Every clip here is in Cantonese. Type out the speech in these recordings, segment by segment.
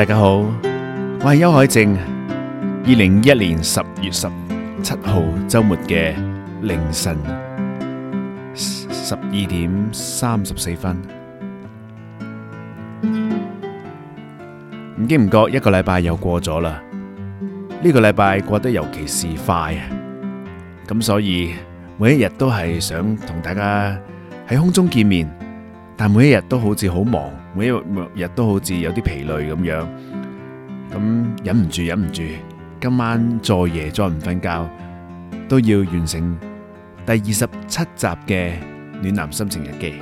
大家好，我係邱海靜。二零二一年十月十七號周末嘅凌晨十二點三十四分，唔經唔覺一個禮拜又過咗啦。呢個禮拜過得尤其是快啊！咁所以每一日都係想同大家喺空中見面，但每一日都好似好忙。每一日都好似有啲疲累咁樣，咁忍唔住，忍唔住，今晚再夜再唔瞓覺，都要完成第二十七集嘅《暖男心情日記》。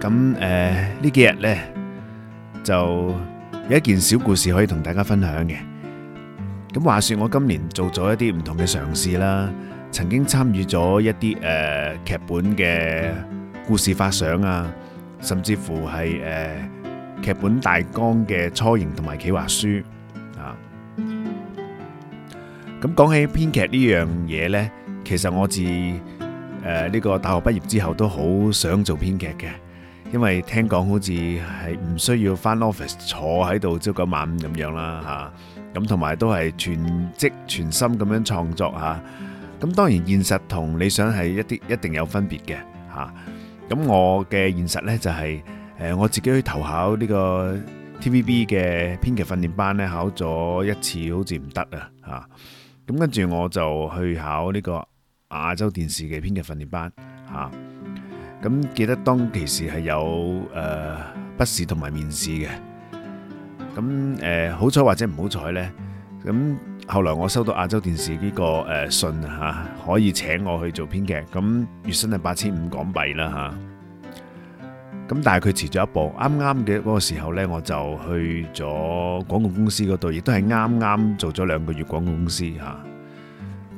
咁誒，呢幾日呢就有一件小故事可以同大家分享嘅。咁話說，我今年做咗一啲唔同嘅嘗試啦，曾經參與咗一啲誒、呃、劇本嘅故事發想啊，甚至乎係誒、呃、劇本大綱嘅雛形同埋企劃書啊。咁講起編劇呢樣嘢呢，其實我自誒呢、呃呢個大學畢業之後都好想做編劇嘅。因為聽講好似係唔需要返 office，坐喺度朝九晚五咁樣啦嚇，咁同埋都係全職全心咁樣創作嚇。咁、啊、當然現實同理想係一啲一定有分別嘅嚇。咁、啊、我嘅現實呢，就係、是、誒、呃、我自己去投考呢個 TVB 嘅編劇訓練班呢，考咗一次好似唔得啊嚇。咁跟住我就去考呢個亞洲電視嘅編劇訓練班嚇。啊咁記得當其時係有誒筆試同埋面試嘅，咁誒、呃、好彩或者唔好彩呢，咁後來我收到亞洲電視呢、這個誒、呃、信嚇、啊，可以請我去做編劇，咁月薪係八千五港幣啦嚇。咁、啊、但係佢遲咗一步，啱啱嘅嗰個時候呢，我就去咗廣告公司嗰度，亦都係啱啱做咗兩個月廣告公司嚇。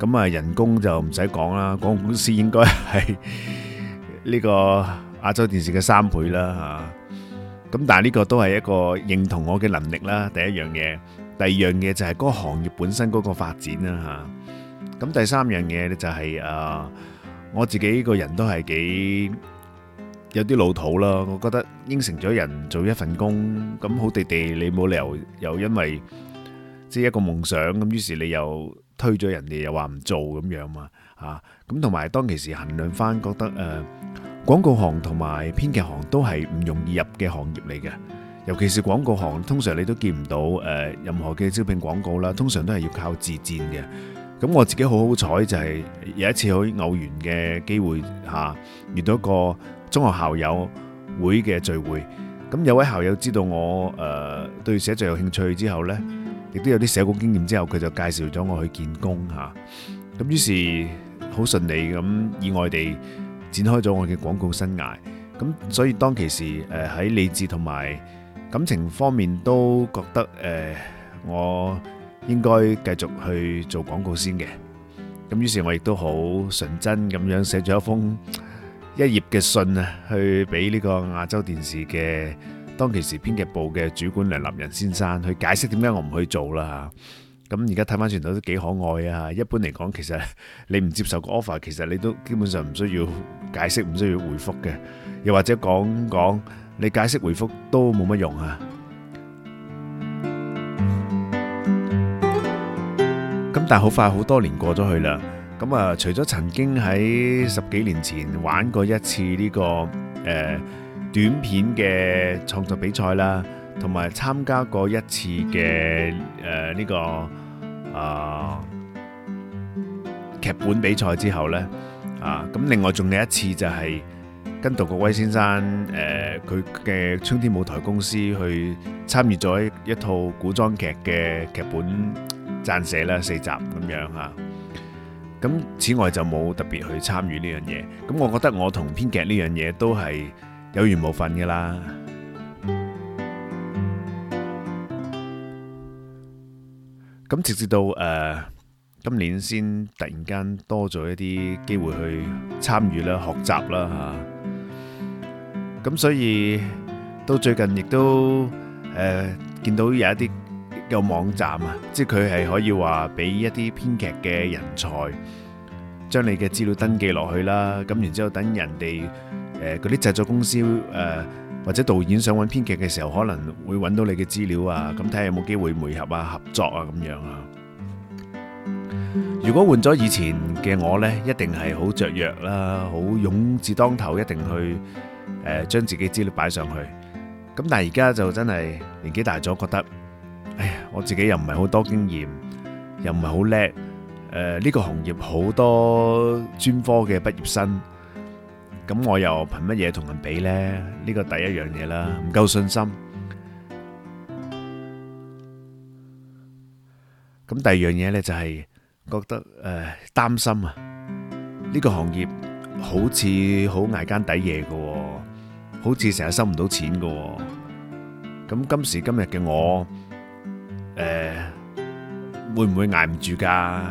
咁啊人工就唔使講啦，廣告公司應該係呢個亞洲電視嘅三倍啦嚇，咁但係呢個都係一個認同我嘅能力啦，第一樣嘢；第二樣嘢就係嗰個行業本身嗰個發展啦嚇。咁第三樣嘢咧就係啊，我自己個人都係幾有啲老土啦。我覺得應承咗人做一份工，咁好地地，你冇理由又因為即係一個夢想咁，於是你又推咗人哋又話唔做咁樣嘛嚇。咁同埋，當其時衡量返，覺得誒廣告行同埋編劇行都係唔容易入嘅行業嚟嘅。尤其是廣告行，通常你都見唔到誒任何嘅招聘廣告啦。通常都係要靠自薦嘅。咁我自己好好彩，就係有一次喺偶然嘅機會下，遇到一個中學校友會嘅聚會。咁有位校友知道我誒對寫作有興趣之後呢，亦都有啲寫稿經驗之後，佢就介紹咗我去見工吓。咁於是～好順利咁意外地展開咗我嘅廣告生涯，咁所以當其時誒喺理智同埋感情方面都覺得誒我應該繼續去做廣告先嘅，咁於是我亦都好純真咁樣寫咗一封一頁嘅信啊，去俾呢個亞洲電視嘅當其時編劇部嘅主管梁立仁先生去解釋點解我唔去做啦。咁而家睇翻全套都幾可愛啊！一般嚟講，其實你唔接受個 offer，其實你都基本上唔需要解釋，唔需要回覆嘅，又或者講講你解釋回覆都冇乜用啊！咁但係好快，好多年過咗去啦。咁啊，除咗曾經喺十幾年前玩過一次呢個誒短片嘅創作比賽啦，同埋參加過一次嘅誒呢個。啊！劇本比賽之後呢，啊咁，另外仲有一次就係跟杜國威先生，誒佢嘅春天舞台公司去參與咗一套古裝劇嘅劇本撰寫啦，四集咁樣吓。咁、啊、此外就冇特別去參與呢樣嘢。咁我覺得我同編劇呢樣嘢都係有緣無份噶啦。咁直至到誒今年先突然間多咗一啲機會去參與啦、學習啦嚇，咁所以到最近亦都誒見到有一啲嘅網站啊，即係佢係可以話俾一啲編劇嘅人才，將你嘅資料登記落去啦，咁然之後等人哋誒嗰啲製作公司誒。或者導演想揾編劇嘅時候，可能會揾到你嘅資料啊，咁睇下有冇機會媒合啊、合作啊咁樣啊。如果換咗以前嘅我呢，一定係好雀躍啦，好勇字當頭，一定去誒將自己資料擺上去。咁但係而家就真係年紀大咗，覺得，哎呀，我自己又唔係好多經驗，又唔係好叻，誒呢個行業好多專科嘅畢業生。咁我又憑乜嘢同人比呢？呢個第一樣嘢啦，唔夠信心。咁第二樣嘢呢就係覺得誒擔心啊，呢個行業好似好挨更抵夜嘅，好似成日收唔到錢嘅。咁今時今日嘅我誒，會唔會挨唔住噶？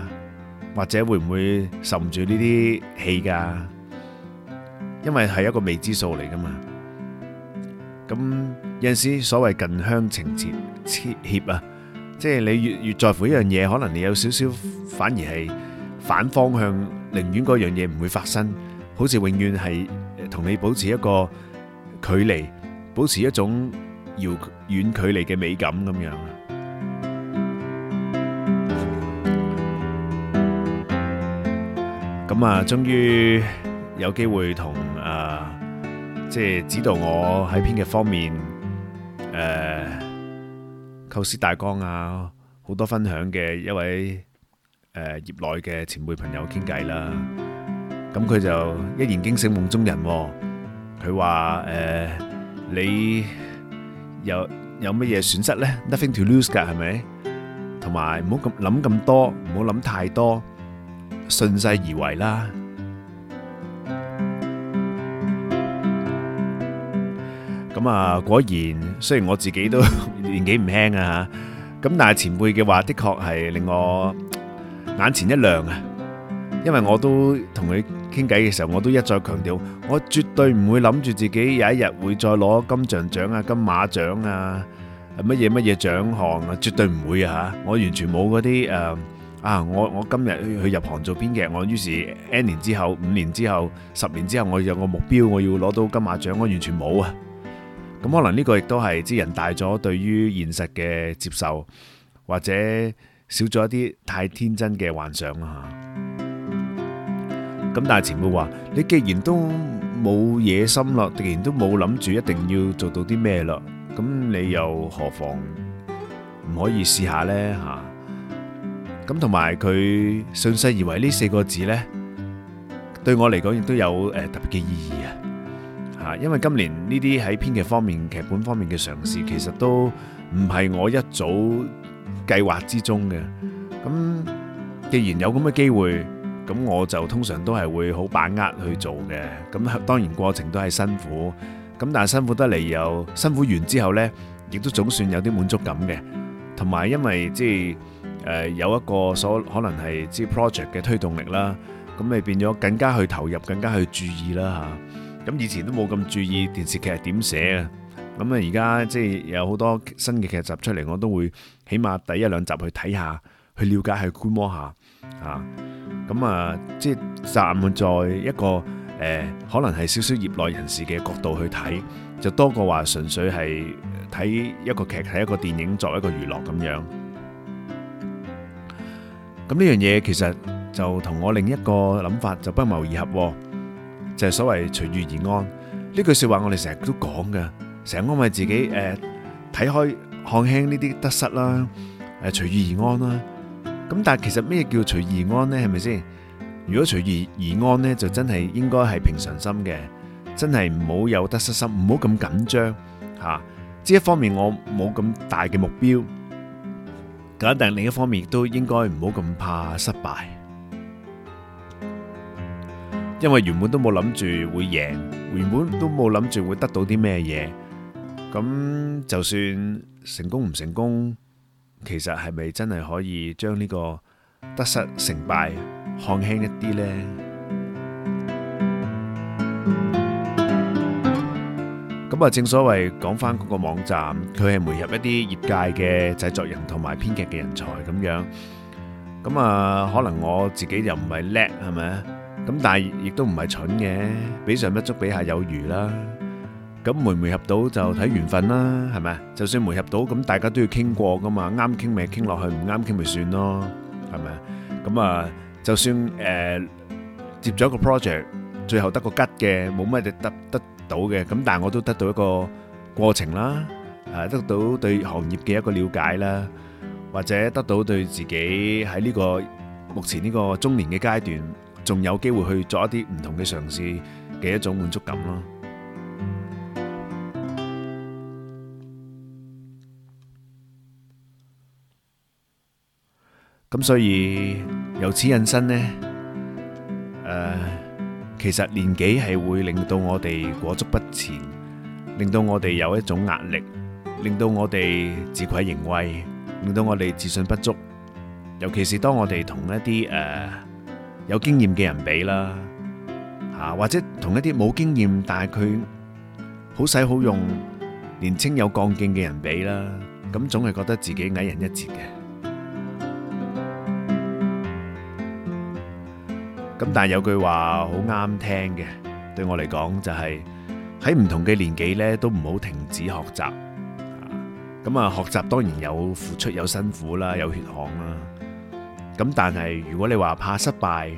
或者會唔會受唔住呢啲氣噶？因為係一個未知數嚟㗎嘛，咁有陣時所謂近鄉情怯怯啊，即係你越越在乎一樣嘢，可能你有少少反而係反方向，寧願嗰樣嘢唔會發生，好似永遠係同你保持一個距離，保持一種遙遠距離嘅美感咁樣啊。咁啊，終於有機會同即係指導我喺編劇方面，誒構思大綱啊，好多分享嘅一位誒業內嘅前輩朋友傾偈啦。咁佢就一言驚醒夢中人，佢話誒你有有乜嘢損失咧？Nothing to lose 噶，係咪？同埋唔好咁諗咁多，唔好諗太多，順勢而為啦。啊！果然，雖然我自己都年紀唔輕啊，咁但係前輩嘅話，的確係令我眼前一亮啊。因為我都同佢傾偈嘅時候，我都一再強調，我絕對唔會諗住自己有一日會再攞金像獎啊、金馬獎啊、乜嘢乜嘢獎項啊，絕對唔會啊！嚇，我完全冇嗰啲誒啊！我我今日去入行做編劇，我於是一年之後、五年之後、十年之後，我有個目標，我要攞到金馬獎，我完全冇啊！咁可能呢個亦都係啲人大咗，對於現實嘅接受，或者少咗一啲太天真嘅幻想啦。咁但係前輩話，你既然都冇野心咯，既然都冇諗住一定要做到啲咩咯，咁你又何妨唔可以試下呢？吓？咁同埋佢順勢而為呢四個字呢，對我嚟講亦都有誒特別嘅意義啊！啊，因為今年呢啲喺編劇方面，劇本方面嘅嘗試，其實都唔係我一早計劃之中嘅。咁既然有咁嘅機會，咁我就通常都係會好把握去做嘅。咁當然過程都係辛苦，咁但係辛苦得嚟又辛苦完之後呢，亦都總算有啲滿足感嘅。同埋因為即係誒有一個所可能係之 project 嘅推動力啦，咁你變咗更加去投入，更加去注意啦吓。咁以前都冇咁注意電視劇係點寫嘅，咁啊而家即係有好多新嘅劇集出嚟，我都會起碼第一兩集去睇下，去了解，去觀摩下、啊，吓、嗯，咁啊，即係站在一個誒、呃、可能係少少業內人士嘅角度去睇，就多過話純粹係睇一個劇，睇一個電影作為一個娛樂咁樣。咁呢樣嘢其實就同我另一個諗法就不謀而合。就係所謂隨遇而安呢句說話，我哋成日都講㗎，成日安慰自己誒，睇開看輕呢啲得失啦，誒隨遇而安啦。咁但係其實咩叫隨遇而安呢？係咪先？如果隨遇而安呢，就真係應該係平常心嘅，真係唔好有得失心，唔好咁緊張吓。即係一方面我冇咁大嘅目標，咁但係另一方面亦都應該唔好咁怕失敗。因為原本都冇諗住會贏，原本都冇諗住會得到啲咩嘢，咁就算成功唔成功，其實係咪真係可以將呢個得失成敗看輕一啲呢？咁啊，正所謂講翻嗰個網站，佢係媒合一啲業界嘅製作人同埋編劇嘅人才咁樣，咁啊，可能我自己又唔係叻，係咪啊？咁但係亦都唔係蠢嘅，比上不足，比下有餘啦。咁媒媒合到就睇緣分啦，係咪？就算媒合到，咁大家都要傾過㗎嘛。啱傾咪傾落去，唔啱傾咪算咯，係咪？咁啊，就算誒接咗個 project，最後得個吉嘅，冇乜嘢得得到嘅。咁但係我都得到一個過程啦，誒得到對行業嘅一個了解啦，或者得到對自己喺呢個目前呢個中年嘅階段。仲有機會去做一啲唔同嘅嘗試嘅一種滿足感咯。咁所以由此引申咧，誒，其實年紀係會令到我哋裹足不前，令到我哋有一種壓力，令到我哋自慚形穢，令到我哋自信不足。尤其是當我哋同一啲誒，有經驗嘅人比啦，嚇，或者同一啲冇經驗但係佢好使好用、年輕有幹勁嘅人比啦，咁總係覺得自己矮人一截嘅。咁但係有句話好啱聽嘅，對我嚟講就係喺唔同嘅年紀呢，都唔好停止學習。咁啊，學習當然有付出、有辛苦啦，有血汗啦。咁但係如果你話怕失敗、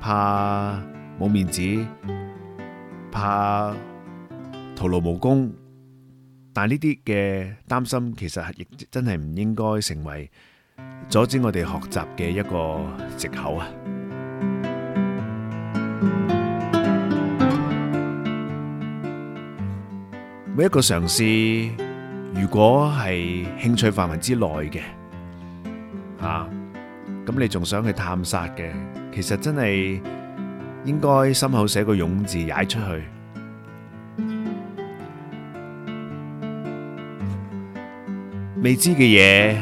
怕冇面子、怕徒勞無功，但呢啲嘅擔心其實亦真係唔應該成為阻止我哋學習嘅一個借口啊！每一個嘗試，如果係興趣範圍之內嘅，啊！咁你仲想去探索嘅，其實真係應該心口寫個勇字，踩出去。未知嘅嘢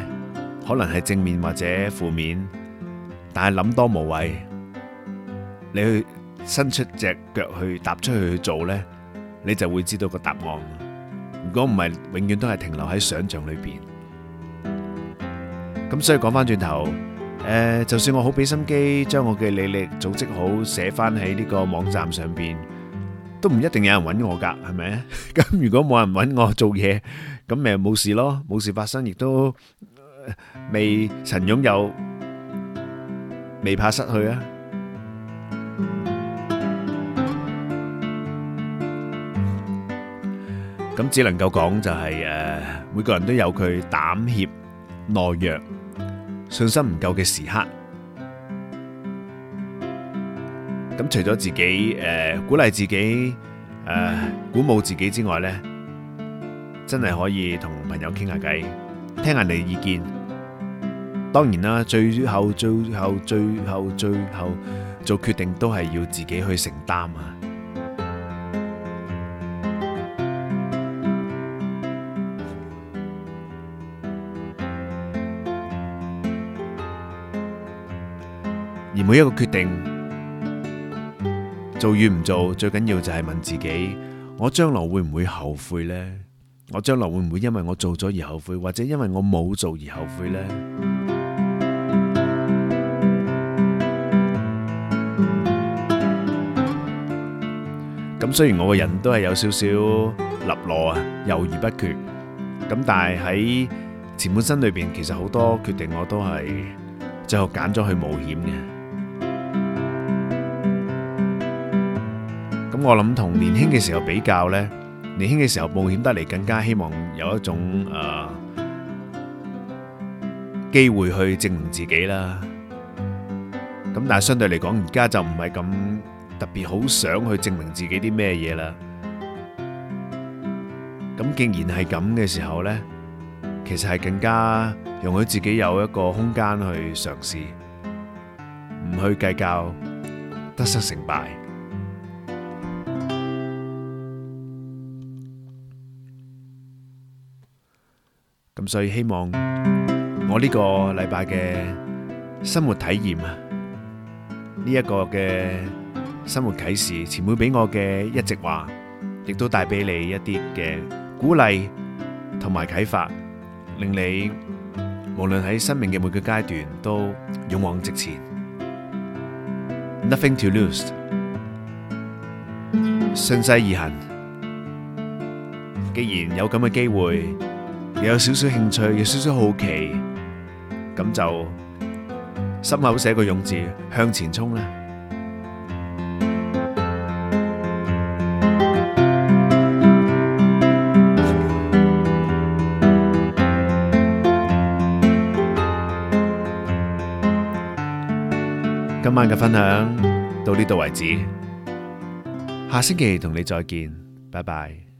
可能係正面或者負面，但係諗多無謂。你去伸出隻腳去踏出去去做呢，你就會知道個答案。如果唔係，永遠都係停留喺想象裏邊。咁所以講返轉頭。誒，就算我好俾心機，將我嘅履歷組織好，寫翻喺呢個網站上邊，都唔一定有人揾我噶，係咪？咁如果冇人揾我做嘢，咁咪冇事咯，冇事發生，亦都未曾擁有，未怕失去啊！咁只能夠講就係誒，每個人都有佢膽怯懦弱。信心唔夠嘅時刻，咁除咗自己誒鼓勵自己誒鼓舞自己之外咧，真係可以同朋友傾下偈，聽人哋意見。當然啦，最後最後最後最後做決定都係要自己去承擔啊！每一個決定做與唔做，最緊要就係問自己：我將來會唔會後悔呢？我將來會唔會因為我做咗而後悔，或者因為我冇做而後悔呢？咁雖然我個人都係有少少立羅啊，猶豫不決，咁但係喺前半生裏邊，其實好多決定我都係最後揀咗去冒險嘅。我諗同年輕嘅時候比較呢，年輕嘅時候冒險得嚟更加希望有一種誒機會去證明自己啦。咁但係相對嚟講，而家就唔係咁特別好想去證明自己啲咩嘢啦。咁既然係咁嘅時候呢，其實係更加容許自己有一個空間去嘗試，唔去計較得失成敗。所以希望我呢個禮拜嘅生活體驗啊，呢一個嘅生活啟示，前輩俾我嘅一席話，亦都帶俾你一啲嘅鼓勵同埋啟發，令你無論喺生命嘅每個階段都勇往直前。Nothing to lose，順勢而行，既然有咁嘅機會。又有少少興趣，有少少好奇，咁就心口寫個勇字，向前衝啦！今晚嘅分享到呢度為止，下星期同你再見，拜拜。